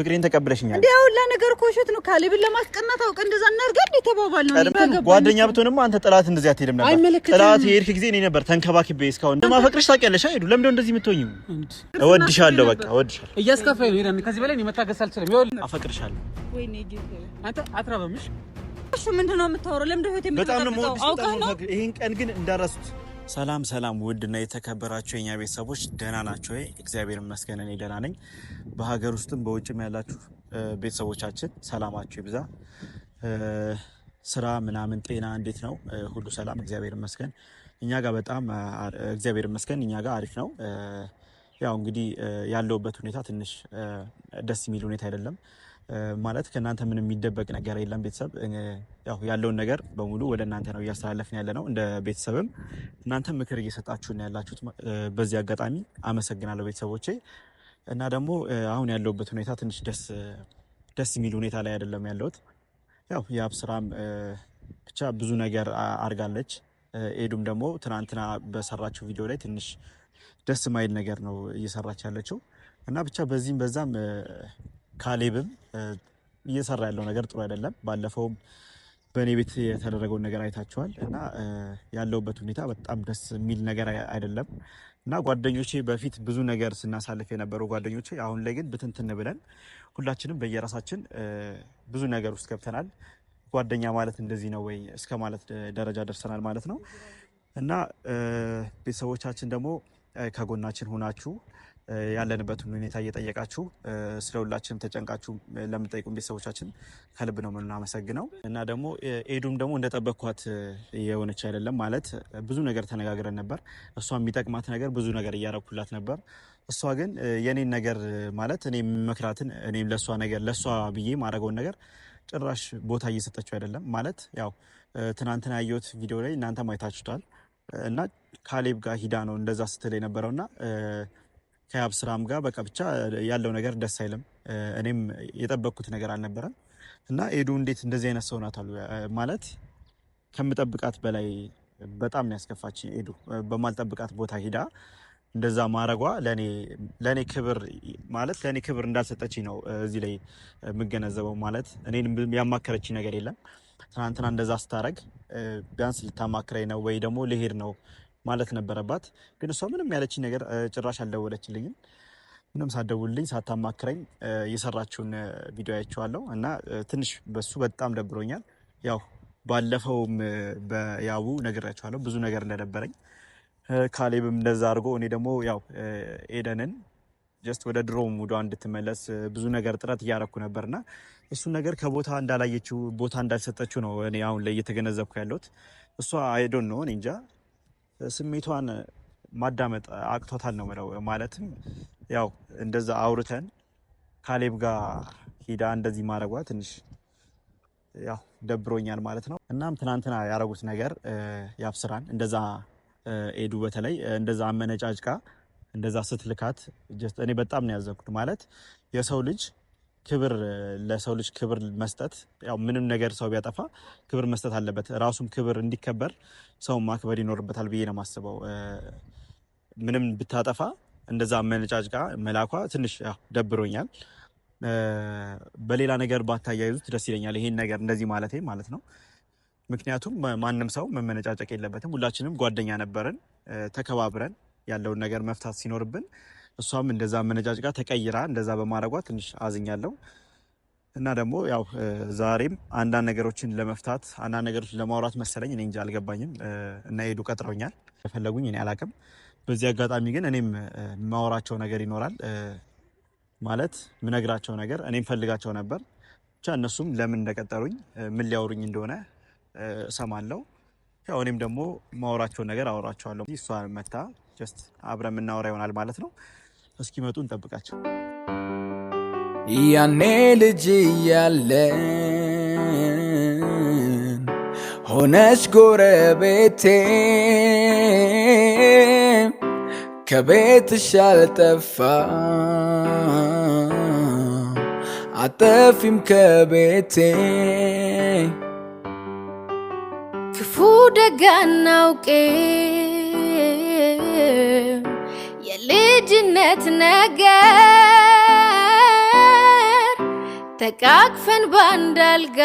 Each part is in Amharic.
ፍቅሬን ተቀብለሽኛል እንዴ? ሁላ ነገር እኮ ውሸት ነው። ካሌብን ለማስቀናት አውቀህ እንደዛ እናድርግ እንዴ ተባባልን ነው። ጓደኛ ብትሆንም አንተ ጥላት እንደዚህ አትሄድም ነበር። ጥላት የሄድክ ጊዜ እኔ ነበር ተንከባክቤ እስካሁን እንደማፈቅርሽ ታውቂያለሽ አይደል? ለምን እንደዚህ የምትሆኚው? እወድሻለሁ፣ በቃ እወድሻለሁ። እያስከፋኝ ነው ይሄን። ከዚህ በላይ እኔ መታገስ አልችልም። ይኸውልህ አፈቅርሻለሁ። ወይኔ ጌታ አንተ አትራበምሽ። እሺ ምንድን ነው የምታወራው? ለምን ደህይወት የምትጠብቀው አውቀህ ነው። ይሄን ቀን ግን እንዳረሱት ሰላም ሰላም ውድና የተከበራችሁ የኛ ቤተሰቦች ደህና ናቸው? እግዚአብሔር ይመስገን እኔ ደህና ነኝ። በሀገር ውስጥም በውጭም ያላችሁ ቤተሰቦቻችን ሰላማችሁ ይብዛ። ስራ ምናምን፣ ጤና እንዴት ነው? ሁሉ ሰላም እግዚአብሔር ይመስገን። እኛ ጋር በጣም እግዚአብሔር ይመስገን እኛ ጋር አሪፍ ነው። ያው እንግዲህ ያለውበት ሁኔታ ትንሽ ደስ የሚል ሁኔታ አይደለም። ማለት ከእናንተ ምን የሚደበቅ ነገር የለም። ቤተሰብ ያለውን ነገር በሙሉ ወደ እናንተ ነው እያስተላለፍን ያለ ነው። እንደ ቤተሰብም እናንተ ምክር እየሰጣችሁ ነው ያላችሁት። በዚህ አጋጣሚ አመሰግናለሁ ቤተሰቦቼ። እና ደግሞ አሁን ያለውበት ሁኔታ ትንሽ ደስ የሚል ሁኔታ ላይ አይደለም ያለሁት። ያው የአብ ስራም ብቻ ብዙ ነገር አድርጋለች። ኤዱም ደግሞ ትናንትና በሰራችው ቪዲዮ ላይ ትንሽ ደስ ማይል ነገር ነው እየሰራች ያለችው እና ብቻ በዚህም በዛም ካሌብም እየሰራ ያለው ነገር ጥሩ አይደለም። ባለፈውም በእኔ ቤት የተደረገውን ነገር አይታችኋል እና ያለውበት ሁኔታ በጣም ደስ የሚል ነገር አይደለም እና ጓደኞቼ በፊት ብዙ ነገር ስናሳልፍ የነበሩ ጓደኞቼ አሁን ላይ ግን ብትንትን ብለን ሁላችንም በየራሳችን ብዙ ነገር ውስጥ ገብተናል። ጓደኛ ማለት እንደዚህ ነው ወይ እስከ ማለት ደረጃ ደርሰናል ማለት ነው እና ቤተሰቦቻችን ደግሞ ከጎናችን ሆናችሁ ያለንበትን ሁኔታ እየጠየቃችሁ ስለ ሁላችንም ተጨንቃችሁ ለምንጠይቁን ቤተሰቦቻችን ከልብ ነው የምናመሰግነው። እና ደግሞ ኤዱም ደግሞ እንደጠበኳት የሆነች አይደለም ማለት ብዙ ነገር ተነጋግረን ነበር። እሷ የሚጠቅማት ነገር ብዙ ነገር እያረኩላት ነበር። እሷ ግን የኔን ነገር ማለት እኔ መክራትን እኔም ለእሷ ነገር ለእሷ ብዬ ማድረገውን ነገር ጭራሽ ቦታ እየሰጠችው አይደለም ማለት ያው ትናንትና ያየሁት ቪዲዮ ላይ እናንተ አይታችሁታል እና ካሌብ ጋር ሂዳ ነው እንደዛ ስትል የነበረው ና። ከያብ ጋር በቃ ብቻ ያለው ነገር ደስ አይልም። እኔም የጠበቅኩት ነገር አልነበረም እና ኤዱ እንዴት እንደዚህ አይነት ሰው ናት አሉ ማለት ከምጠብቃት በላይ በጣም ያስከፋች ኤዱ በማልጠብቃት ቦታ ሂዳ እንደዛ ማረጓ ለእኔ ክብር ማለት ለእኔ ክብር እንዳልሰጠች ነው እዚህ ላይ የምገነዘበው። ማለት እኔን ያማከረች ነገር የለም። ትናንትና እንደዛ ስታረግ ቢያንስ ልታማክረኝ ነው ወይ ደግሞ ልሄድ ነው ማለት ነበረባት። ግን እሷ ምንም ያለችኝ ነገር ጭራሽ አልደወለችልኝም። ምንም ሳደውልኝ ሳታማክረኝ የሰራችውን ቪዲዮ አይቼዋለሁ እና ትንሽ በሱ በጣም ደብሮኛል። ያው ባለፈውም በያቡ ነግሬያቸዋለሁ ብዙ ነገር እንደነበረኝ ካሌብም እንደዛ አድርጎ እኔ ደግሞ ያው ኤደንን ጀስት ወደ ድሮ ሙዷ እንድትመለስ ብዙ ነገር ጥረት እያረኩ ነበር ነበርና እሱን ነገር ከቦታ እንዳላየችው ቦታ እንዳልሰጠችው ነው እኔ አሁን ላይ እየተገነዘብኩ ያለሁት። እሷ አይዶን ነው እንጃ ስሜቷን ማዳመጥ አቅቶታል ነው ምለው። ማለትም ያው እንደዛ አውርተን ካሌብ ጋር ሂዳ እንደዚህ ማድረጓ ትንሽ ያው ደብሮኛል ማለት ነው። እናም ትናንትና ያደረጉት ነገር ያብስራን እንደዛ ኤዱ በተለይ እንደዛ አመነጫጭቃ እንደዛ ስትልካት እኔ በጣም ነው ያዘንኩት። ማለት የሰው ልጅ ክብር ለሰው ልጅ ክብር መስጠት ያው ምንም ነገር ሰው ቢያጠፋ ክብር መስጠት አለበት። ራሱም ክብር እንዲከበር ሰው ማክበር ይኖርበታል ብዬ ነው የማስበው። ምንም ብታጠፋ እንደዛ መነጫጭቃ መላኳ ትንሽ ደብሮኛል። በሌላ ነገር ባታያይዙት ደስ ይለኛል። ይሄን ነገር እንደዚህ ማለት ማለት ነው። ምክንያቱም ማንም ሰው መመነጫጨቅ የለበትም። ሁላችንም ጓደኛ ነበርን። ተከባብረን ያለውን ነገር መፍታት ሲኖርብን እሷም እንደዛ መነጫጭቃ ተቀይራ እንደዛ በማድረጓ ትንሽ አዝኛለሁ። እና ደግሞ ያው ዛሬም አንዳንድ ነገሮችን ለመፍታት አንዳንድ ነገሮችን ለማውራት መሰለኝ እኔ እንጂ አልገባኝም። እና ሄዱ ቀጥረውኛል የፈለጉኝ እኔ አላቅም። በዚህ አጋጣሚ ግን እኔም የማወራቸው ነገር ይኖራል ማለት ምነግራቸው ነገር እኔም ፈልጋቸው ነበር። ብቻ እነሱም ለምን እንደቀጠሩኝ ምን ሊያወሩኝ እንደሆነ እሰማለሁ። ያው እኔም ደግሞ ማወራቸውን ነገር አወራቸዋለሁ። እሷ መታ ጀስት አብረ የምናወራ ይሆናል ማለት ነው። እስኪመጡ እንጠብቃቸው። ያኔ ልጅ እያለን ሆነች ጎረቤቴ ከቤትሽ አልጠፋ አጠፊም ከቤቴ ክፉ ደጋ እናውቄ የልጅነት ነገር ተቃቅፈን ባንድ አልጋ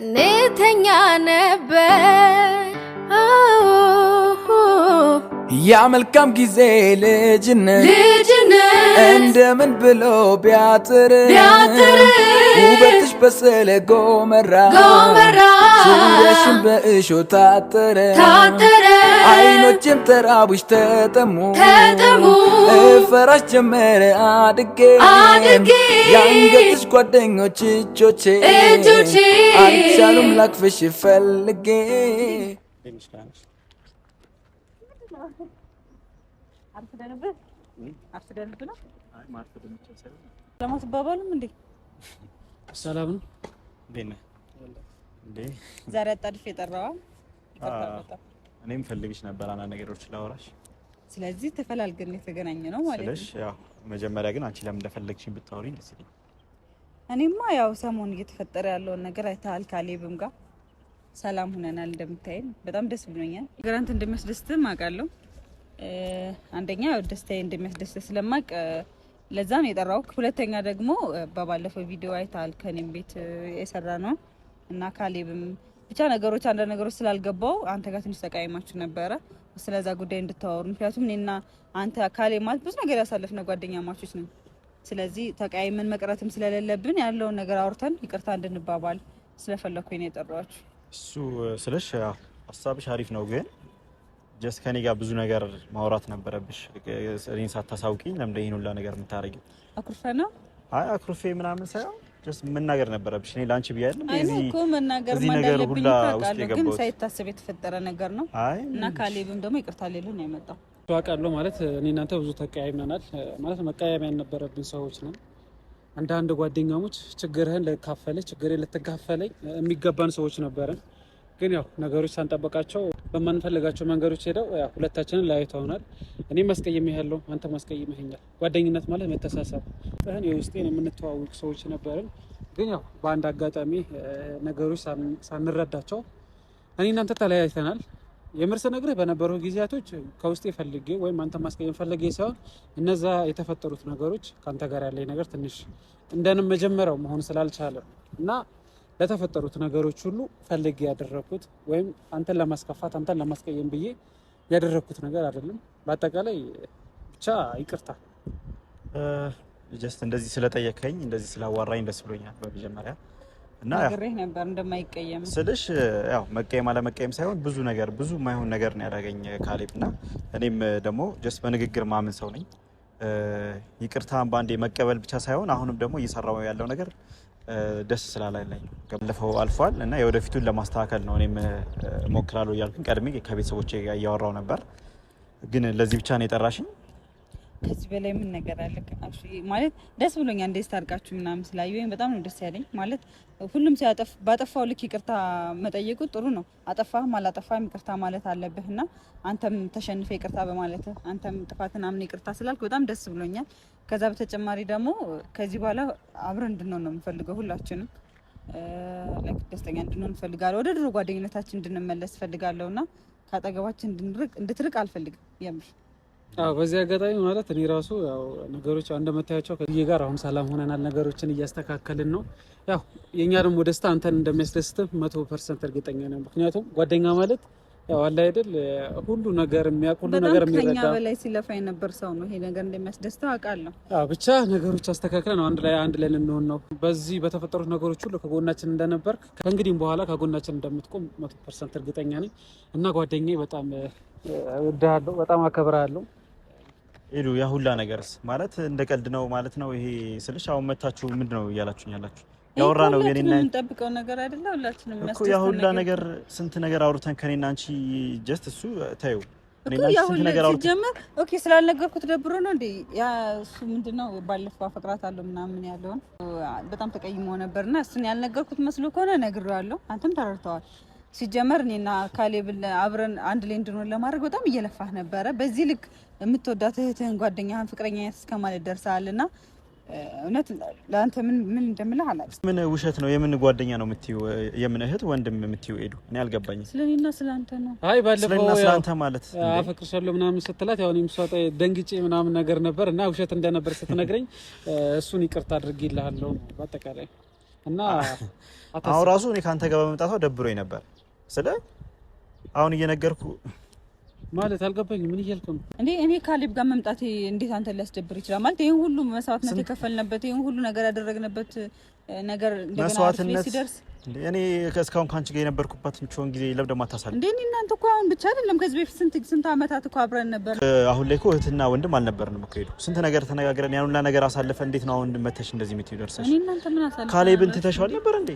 እንተኛ ነበር። ያ መልካም ጊዜ ልጅነት እንደምን ብሎ ቢያጥር ውበትሽ በስለ ጎመራ ጉንሽም በእሾ ታጠረ ታጠረ አይኖችም ተራቡሽ ተጠሙ ተጠሙ እፈራሽ ጀመረ አድጌ አድጌ ያንገትሽ ጓደኞች እጆቼ እጆቼ አልቻሉም ላክፍሽ ፈልጌ ሰላም ነው ዛሬ አጣድፍ የጠራዋ እኔም ፈልግሽ ነበር አንዳንድ ነገሮች ላወራሽ። ስለዚህ ተፈላልገን የተገናኘ ነው ማለት ነው። ያው መጀመሪያ ግን አንቺ ለምን እንደፈለግሽኝ ብታወሪኝ ደስ ይለኛል። እኔማ ያው ሰሞን እየተፈጠረ ያለውን ነገር አይተሃል። ካሌብም ጋር ሰላም ሁነናል። እንደምታይን በጣም ደስ ብሎኛል። ግራንት እንደሚያስደስትም አውቃለሁ። አንደኛ ያው ደስታዬ እንደሚያስደስት ስለማቅ ለዛ ነው የጠራው። ሁለተኛ ደግሞ በባለፈው ቪዲዮ አይተሃል ከኔም ቤት የሰራ ነው እና ካሌብም ብቻ ነገሮች አንዳንድ ነገሮች ስላልገባው አንተ ጋር ትንሽ ተቃይማችሁ ነበረ። ስለዛ ጉዳይ እንድታወሩ ምክንያቱም እኔና አንተ ካሌብ ማለት ብዙ ነገር ያሳለፍነ ጓደኛ ማቾች ነው። ስለዚህ ተቃይመን መቅረትም ስለሌለብን ያለውን ነገር አውርተን ይቅርታ እንድንባባል ስለፈለግኩ ነው የጠራችሁ። እሱ ስለሽ ሀሳብሽ አሪፍ ነው፣ ግን ጀስት ከኔ ጋር ብዙ ነገር ማውራት ነበረብሽ። እኔን ሳታሳውቂኝ ለምደ ይህን ሁላ ነገር የምታደርጊው አኩርፌ ነው? አይ አኩርፌ ምናምን ሳይሆን ጀስት መናገር ነበረብሽ። እኔ ለአንቺ ብዬ አይደለም እዚህ እኮ መናገር ነገር ሁላ ውስጥ የገባሁት ግን ሳይታሰብ የተፈጠረ ነገር ነው እና ካሌብም ደግሞ ይቅርታ ሌሉ ነው የመጣው አውቃለሁ። ማለት እኔ እናንተ ብዙ ተቀያይመናል። ማለት መቀያየም ያልነበረብን ሰዎች ነን። አንዳንድ ጓደኛሞች ችግርህን ልካፈለኝ ችግሬን ልትካፈለኝ የሚገባን ሰዎች ነበረን። ግን ያው ነገሮች ሳንጠበቃቸው በማንፈልጋቸው መንገዶች ሄደው ሁለታችንን ለያይተውናል። እኔ ማስቀየም ያለው አንተ ማስቀየም ይኸኛል። ጓደኝነት ማለት መተሳሰብ ጥህን የውስጤን የምንተዋውቅ ሰዎች ነበርን። ግን ያው በአንድ አጋጣሚ ነገሮች ሳንረዳቸው እኔ እናንተ ተለያይተናል። የምርስ ነግርህ በነበሩ ጊዜያቶች ከውስጤ ፈልጌ ወይም አንተ ማስቀየም ፈልጌ ሳይሆን እነዛ የተፈጠሩት ነገሮች ከአንተ ጋር ያለኝ ነገር ትንሽ እንደንም መጀመሪያው መሆን ስላልቻለ እና ለተፈጠሩት ነገሮች ሁሉ ፈልጌ ያደረግኩት ወይም አንተን ለማስከፋት አንተን ለማስቀየም ብዬ ያደረግኩት ነገር አይደለም። በአጠቃላይ ብቻ ይቅርታ። ጀስት እንደዚህ ስለጠየከኝ እንደዚህ ስላዋራኝ ደስ ብሎኛል። በመጀመሪያ እና እንደማይቀየም ስልሽ ያው መቀየም አለመቀየም ሳይሆን ብዙ ነገር ብዙ የማይሆን ነገር ነው ያደረገኝ ካሌብ እና እኔም ደግሞ ጀስት በንግግር ማምን ሰው ነኝ ይቅርታን በአንዴ መቀበል ብቻ ሳይሆን አሁንም ደግሞ እየሰራው ያለው ነገር ደስ ስላላለኝ ገለፈው አልፏል እና የወደፊቱን ለማስተካከል ነው እኔም ሞክራለሁ እያልኩኝ ቀድሜ ከቤተሰቦች እያወራው ነበር። ግን ለዚህ ብቻ ነው የጠራሽኝ? ከዚህ በላይ ምን ነገር አለ? ማለት ደስ ብሎኛል እንደ ስታርቃችሁ ምናምን ስላዩ ወይም በጣም ነው ደስ ያለኝ። ማለት ሁሉም ሲያጠፍ ባጠፋው ልክ ይቅርታ መጠየቁ ጥሩ ነው። አጠፋህም አላጠፋህም ይቅርታ ማለት አለብህ እና አንተም ተሸንፈ ይቅርታ በማለት አንተም ጥፋትን አምን ይቅርታ ስላልክ በጣም ደስ ብሎኛል። ከዛ በተጨማሪ ደግሞ ከዚህ በኋላ አብረን እንድንሆን ነው የምፈልገው ሁላችንም ደስተኛ እንድንሆን እፈልጋለሁ። ወደ ድሮ ጓደኝነታችን እንድንመለስ እፈልጋለሁ እና ከአጠገባችን እንድትርቅ አልፈልግም የምር በዚህ አጋጣሚ ማለት እኔ ራሱ ያው ነገሮች እንደምታያቸው ከዚህ ጋር አሁን ሰላም ሆነናል። ነገሮችን እያስተካከልን ነው። ያው የእኛ ደግሞ ደስታ አንተን እንደሚያስደስትህ መቶ ፐርሰንት እርግጠኛ ነው። ምክንያቱም ጓደኛ ማለት ያው አለ አይደል ሁሉ ነገር የሚያውቅ ሁሉ ነገር የሚረዳ በጣም ከኛ በላይ ሲለፋ የነበር ሰው ነው። ይሄ ነገር እንደሚያስደስተው አውቃለሁ። አዎ ብቻ ነገሮች አስተካክለን አንድ ላይ አንድ ላይ ልንሆን ነው። በዚህ በተፈጠሩት ነገሮች ሁሉ ከጎናችን እንደነበርክ ከእንግዲህም በኋላ ከጎናችን እንደምትቆም መቶ ፐርሰንት እርግጠኛ ነኝ እና ጓደኛዬ በጣም እወድሃለሁ፣ በጣም አከብርሃለሁ። ሄዱ ያ ሁላ ነገርስ ማለት እንደ ቀልድ ነው ማለት ነው። ይሄ ስልሽ አሁን መታችሁ ምንድን ነው እያላችሁኝ ያላችሁ ያወራ ነው የኔና የምንጠብቀው ነገር አይደለ? ሁላችንም ያ ሁላ ነገር ስንት ነገር አውርተን ከኔና አንቺ ጀስት እሱ ታዩ ሲጀመር ኦኬ ስላልነገርኩት ደብሮ ነው እንዴ? ያ እሱ ምንድን ነው ባለፈው አፈቅራታለሁ ምናምን ያለውን በጣም ተቀይሞ ነበር እና እሱን ያልነገርኩት መስሎ ከሆነ ነግሬዋለሁ። አንተም ተረድተዋል። ሲጀመር እኔና ካሌብ አብረን አንድ ላይ እንድንሆን ለማድረግ በጣም እየለፋህ ነበረ። በዚህ ልክ የምትወዳት እህትህን ጓደኛህን ፍቅረኛ እስከማለት ደርሰሃል እና እውነት ለአንተ ምን እንደምልህ አላውቅም። ምን ውሸት ነው? የምን ጓደኛ ነው የምትይው? የምን እህት ወንድም የምትይው? ሄዱ እኔ አልገባኝም። ስለኔና ስለአንተ ነው። አይ ባለፈው ስለአንተ ማለት አፈቅርሻለሁ ምናምን ስትላት ያው እኔም ሰጠ ደንግጬ ምናምን ነገር ነበር እና ውሸት እንደነበር ስትነግረኝ እሱን ይቅርታ አድርጌልሃለሁ በአጠቃላይ እና አሁን ራሱ እኔ ከአንተ ጋር በመምጣቷ ደብሮኝ ነበር ስለ አሁን እየነገርኩ ማለት አልገባኝ። ምን እያልክ ነው እንዴ? እኔ ካሌብ ጋር መምጣቴ እንዴት አንተ ሊያስደብር ይችላል? ማለት ይህን ሁሉ መስዋዕትነት የከፈልንበት ይህን ሁሉ ነገር ያደረግንበት ነገር እንደገና ሲደርስ እኔ እስካሁን ከአንቺ ጋር የነበርኩባትን ችሆን ጊዜ ለምን ደግሞ አታሳልም እኔ እናንተ እኮ አሁን ብቻ አይደለም ከዚህ በፊት ስንት ስንት አመታት እኮ አብረን ነበር። አሁን ላይ እኮ እህትና ወንድም አልነበርንም እኮ ሄዱ። ስንት ነገር ተነጋግረን ያን ሁላ ነገር አሳልፈ እንዴት ነው አሁን መተሽ እንደዚህ ምት ደርሰሽ? እኔ እናንተ ምን ካሌብን ትተሽዋል ነበር እንዴ?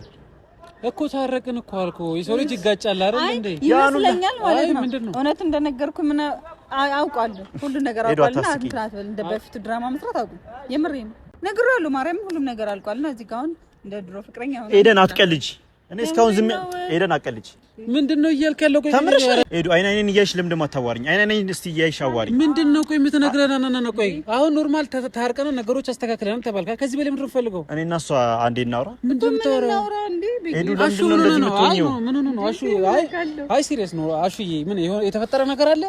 እኮ ታረቅን እኮ አልኩ። የሰው ልጅ ይጋጫል አይደል እንዴ? ይመስለኛል ማለት ነው። እውነት እንደነገርኩ ምን አውቃለሁ፣ ሁሉ ነገር አውቃለሁ። አትራት እንደ በፊቱ ድራማ መስራት አውቁ። የምሬን ነግሬዋለሁ። ማርያም ሁሉም ነገር አልቋልና እዚህ ጋር አሁን እንደ ድሮ ፍቅረኛ ሆነ። ኤደን አትቀልጅ እኔ እስካሁን ዝም ኤደን አቀልጭ ምንድን ነው እያልክ ያለው? ቆይ ተምረሽ ሄዱ አይን አይኔን እያይሽ ለምንድን ነው አታዋሪኝ? አይን አይኔን እስቲ እያይሽ አዋሪኝ። ምንድን ነው ቆይ የምትነግረን? እና እና ቆይ አሁን ኖርማል ታርቀና ነገሮች አስተካክለናል ተባልካ። ከዚህ በላይ ምንድን ፈልገው? እኔ እና እሷ አንዴ እናውራ። ምንድን ነው ኤዱ ሄዱ ለምንድን ነው እንደዚህ የምትሆኚው? ምን ነው ነው አሹ? አይ አይ ሲሪየስ ነው አሹዬ። ምን የተፈጠረ ነገር አለ?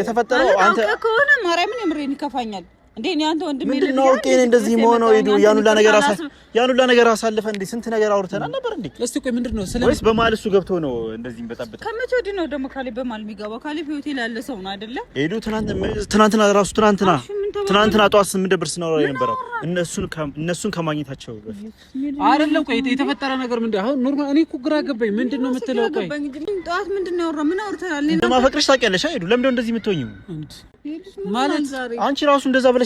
የተፈጠረው አንተ ከሆነ ማርያምን የምሬን ይከፋኛል እንዴ እኔ አንተ ምንድን ነው አውቄ እኔ እንደዚህ መሆነው ሄዱ ያን ሁላ ነገር አሳ ያን ሁላ ነገር አሳልፈን እንዴ ስንት ነገር አውርተናል ነበር እንዴ? እስቲ ቆይ ምንድን ነው ስለ በመሀል እሱ ገብቶ ነው እንደዚህ በጣበጠ? ከመቼ ወዲህ ነው ደግሞ ካሌብ በመሀል የሚገባው? ካሌብ ሆቴል ያለ ሰው ነው አይደለ? ሄዱ ትናንት ትናንትና ራሱ ትናንትና ትናንትና ጠዋት ስምንት ደብር ስናወራ የነበረው እነሱን እነሱን ከማግኘታቸው አይደለም። ቆይ የተፈጠረ ነገር ምንድን አሁን ኖርማል። እኔ እኮ ግራ ገባኝ። ምንድን ነው የምትለው? ቆይ ጠዋት ምንድን ነው ያወራው? ምን አውርተናል? እንደማፈቅርሽ ታውቂያለሽ አይደል? ለምንድን ነው እንደዚህ የምትሆኚው? ማለት አንቺ ራሱ እንደዛ ብለሽ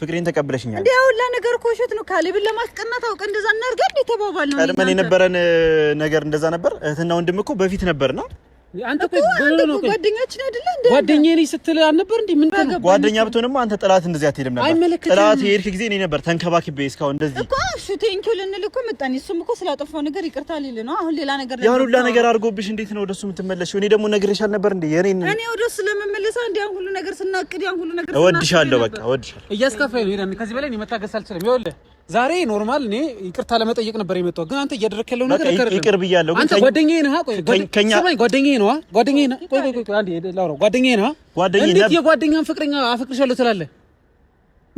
ፍቅሬን ተቀብለሽኛል። እንዴ ሁላ ነገር እኮ ውሸት ነው። ካሌብን ለማስቀናት አውቀ እንደዛ እናድርጋ ተባባል ነው። ቀድመን የነበረን ነገር እንደዛ ነበር። እህትና ወንድም እኮ በፊት ነበርና አንተ እኮ ጎሎ ነው ጓደኛችን አይደለ እንዴ? ጓደኛዬ ነኝ ስትል አልነበር እንዴ? ምን ተነ ጓደኛ ብትሆንማ አንተ ጥላት እንደዚህ አትሄድም ነበር። ጥላት ጠላት የሄድክ ጊዜ እኔ ነበር ተንከባክቤ እስካሁን እንደዚህ እኮ። እሺ ቴንኪው ልንል እኮ መጣን። እሱም እኮ ስላጠፋው ነገር ይቅርታ ሊል ነው። አሁን ሌላ ነገር ነው ያን ሁላ ነገር አድርጎብሽ እንዴት ነው ወደሱ የምትመለሽው? እኔ ደግሞ ነግሬሻል ነበር እንዴ? የኔ እኔ ወደሱ ለመመለስ እንዴ? ያን ሁሉ ነገር ስናቅድ ያን ሁሉ ነገር እወድሻለሁ፣ በቃ እወድሻለሁ። እያስከፋኝ ነው። ከዚህ በላይ እኔ መታገስ አልችልም። ይኸውልህ ዛሬ ኖርማል እኔ ይቅርታ ለመጠየቅ ነበር የመጣው፣ ግን አንተ እያደረክ ያለው ነገር ይቅር ብያለሁ። አንተ ጓደኛዬ ነህ። ቆይ ጓደኛዬ ነህ፣ ጓደኛዬ ነህ። ቆይ ቆይ ቆይ አንዴ ላውራው። ጓደኛዬ ነህ። እንዴት የጓደኛህን ፍቅረኛ አፈቅርሻለሁ ትላለህ?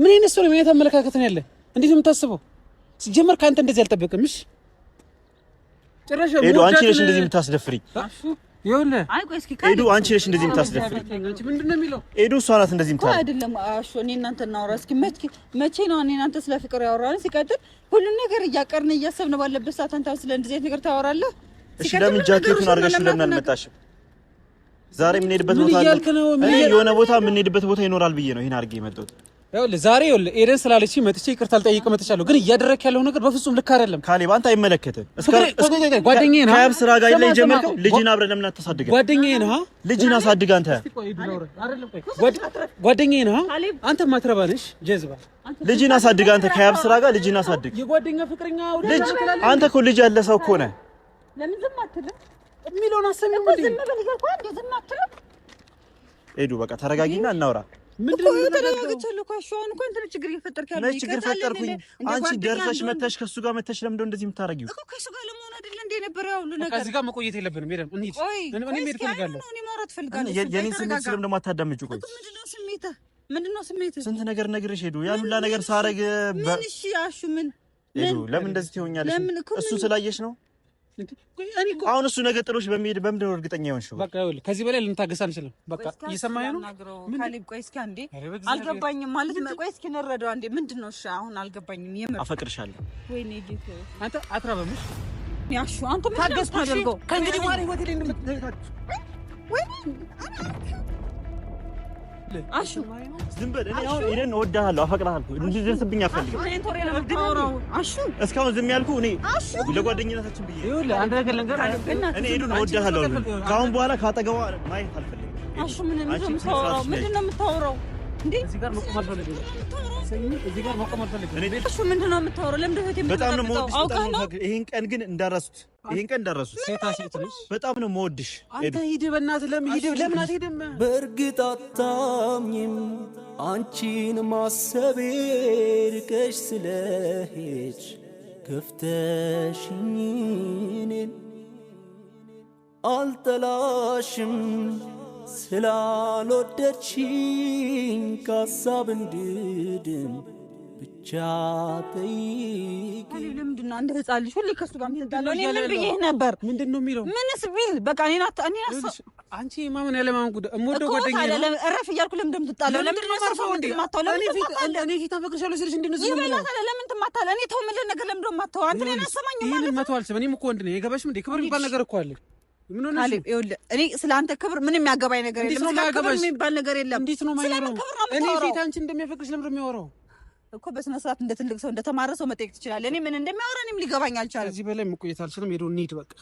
ምን አይነት ሰው ነው? አመለካከት ነው ያለህ? እንዴት ነው የምታስበው? ሲጀመር ከአንተ እንደዚህ አልጠበቅም። እሺ ጭራሽ አንቺ ነሽ እንደዚህ የምታስደፍሪኝ ይኸውልህ ኤዱ አንቺ ነሽ እንደዚህ የምታስደፍር። ኤዱ እሷ ናት እንደዚህ የምታደርግ አይደለም። አሾ እኔ እናንተ እናውራ እስኪ። መቼ ነው እኔ እናንተ ስለ ፍቅር ያወራን? ሲቀጥል ሁሉን ነገር እያቀርን እያሰብን ባለበት ሰዓት አንተ ስለ እንደዚህ ነገር ታወራለህ? እሺ ለምን ጃኬቱን አድርገሽ ለምን አልመጣሽም? ዛሬ የምንሄድበት ቦታ የሆነ ቦታ የምንሄድበት ቦታ ይኖራል ብዬ ነው ይሄን አድርጌ የመጣሁት። ዛሬ ኤደን ስላለች መጥቼ ይቅርታ ልጠይቅ መጥቻለሁ፣ ግን እያደረክ ያለው ነገር በፍጹም ልክ አይደለም። ካሌብ አንተ አይመለከትም። ጓደኛዬ ነህ። ስራ ጋር ላይ ጀመርከው። ልጅን አብረን ለምን አታሳድገን? ጓደኛዬ ነው ልጅን አሳድግ። አንተ ጓደኛዬ ነህ። አንተ ማትረባ ነሽ። ጀዝባ ልጅን አሳድግ። አንተ ከያብ ስራ ጋር ልጅን አሳድግ። የጓደኛ ፍቅረኛ ልጅ አንተ እኮ ልጅ ያለ ሰው እኮ ነህ። ለምን ዝም አትልም? የሚለውን አሰሚው። ዝም ብለህ እኮ ዝም አትልም። ኤዱ በቃ ተረጋጊና እናውራ ተረጋግቻለሁ እኮ አሁን እኮ አንቺ ደርሰሽ መተሽ ከሱ ጋር መተሽ ለምንድን እንደዚህ የምታደርጊው? ከሱ ጋር ለመሆን አይደለ እንደ የነበረው ያው ሁሉ ነገር ከዚህ መቆየት የለብንም። ሄደን እንሂድ። እኔ መሄድ እፈልጋለሁ። የኔን ስሜት ስለምንድነው አታዳምጪው? ቆይ ምንድን ነው ስንት ነገር ነግሬሽ ሄዱ። ያን ሁላ ነገር ሳረግ ምን? እሺ አሹ ምን ሄዱ? ለምን እንደዚህ ትሆኛለሽ? እሱ ስላየሽ ነው አሁን እሱ ነገ ጥሎሽ በሚሄድ በምንድን ነው እርግጠኛ የሆንሽው? በቃ ይኸውልህ፣ ከዚህ በላይ ልንታገስ አንችልም። በቃ እየሰማኸኝ ነው? ቆይ እስኪ አንዴ አልገባኝም ማለት ነው። ቆይ እስኪ እንረዳው አንዴ። ምንድን ነው? እሺ አሁን አልገባኝም። የምር አፈቅርሻለሁ። ወይኔ ጌታ! አንተ አትራበምሽ ያሹ አንተ ምን ታገስ ታደርገው ከእንግዲህ ማሪ ሆቴል እንደምትደርሳችሁ ወይ አሹ ዝም በል። እኔ አሁን ሄደን እወድሃለሁ፣ አፈቅርሃለሁ እንድትደርስብኝ አልፈልግም። አሹ እስካሁን ዝም ያልኩ እኔ ለጓደኝነታችን ብዬ ይኸውልህ፣ ነገር እወድሃለሁ። ከአሁን በኋላ ካጠገቧ ማየት አልፈልግም። አሹ ምንድን ነው የምታወራው? እሱ ምንድን ነው የምታወራው? ለምንድን ነው እህቴን በጣም ነው የምወድሽ። በጣም ነው ይሄን ቀን ግን እንዳረሱት፣ ይሄን ቀን እንዳረሱት። ሴታ ሴት ነሽ። በጣም ነው የምወድሽ። አንተ ሂድ፣ በእናትህ ለምን ሂድ፣ ለምን አትሄድም? በእርግጥ አታምኝም አንቺን ማሰቤ ርቀሽ ስለሄድሽ ገፍተሽኝ እኔን አልጠላሽም ስላልወደድሽኝ ከሀሳብ እንድድን ብቻ ጠይቅ። ለምንድን ነው ህፃን ልጅ ሁሌ ከሱ ጋር ምትጣለው? ብዬ ነበር? ምንድን ነው የሚለው? ምንስ ቢል በቃ እኔ ናት አንቺ ማመን ያለ ጉዳይ እምወደው ጓደኛ ነው። እረፍ እያልኩ ለምን እንደምትጣለው? ለምን እንደማርፈው እንዴ ማታው ለምን ፊት እኔ ፊት አፈቅርሻለሁ ስልሽ እንድንስ ነው ይበላታል። ለምን ትማታለህ? እኔ ተው የምልህ ነገር ለምን እንደማታው አንተ እኔን አሰማኝ ማለት ነው። ይሄን ማታው አልሰማኝም እኮ ወንድ ነኝ። የገባሽም እንዴ ክብር የሚባል ነገር እኮ አለ እኔ ስለ አንተ ክብር ምን የሚያገባኝ ነገር የለም። ስለ ክብር የሚባል ነገር የለም። እንዴት ነው ማይኖረው? እኔ ሴት አንቺ እንደሚያፈቅርሽ ለምንድን የሚያወራው? እኮ በስነ ስርዓት እንደ ትልቅ ሰው እንደተማረ ሰው መጠየቅ ትችላለህ። እኔ ምን እንደሚያወራ እኔም ሊገባኝ አልቻለም። ከዚህ በላይ መቆየት አልችልም። ሄዶ እንሂድ በቃ